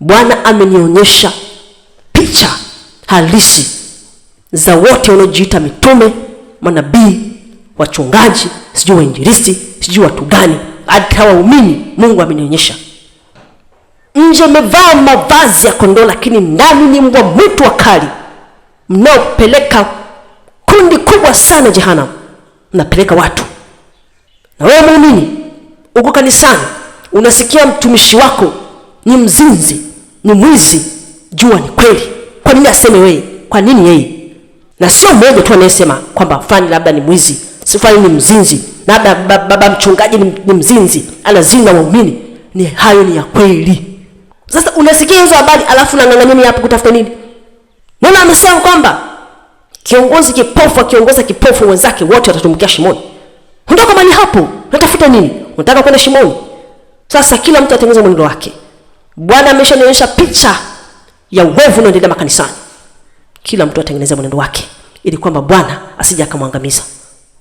Bwana amenionyesha picha halisi za wote wanaojiita mitume, manabii, wachungaji, sijui wainjilisti, sijui watu gani, hata waumini. Mungu amenionyesha nje amevaa mavazi ya kondoo, lakini ndani ni mbwa mwitu wakali mnaopeleka kundi kubwa sana jehanamu, mnapeleka watu. Na wewe muumini uko kanisani, unasikia mtumishi wako ni mzinzi ni mwizi, jua ni kweli. Kwa nini aseme wewe? Kwa nini yeye? Na sio mmoja tu anayesema kwamba fulani labda ni mwizi, si fulani ni mzinzi, labda baba mchungaji ni, ni mzinzi, anazina waumini. Ni hayo ni ya kweli. Sasa unasikia hizo habari alafu unang'ang'ania hapo kutafuta nini? Nona amesema kwamba kiongozi kipofu akiongoza kipofu wenzake wote watatumbukia shimoni. Unataka mali hapo? Unatafuta nini? Unataka kwenda shimoni? Sasa kila mtu atengeneze mwenendo wake. Bwana ameshanionyesha picha ya uovu unaoendelea makanisani. Kila mtu atengeneze mwenendo wake, ili kwamba Bwana asije akamwangamiza.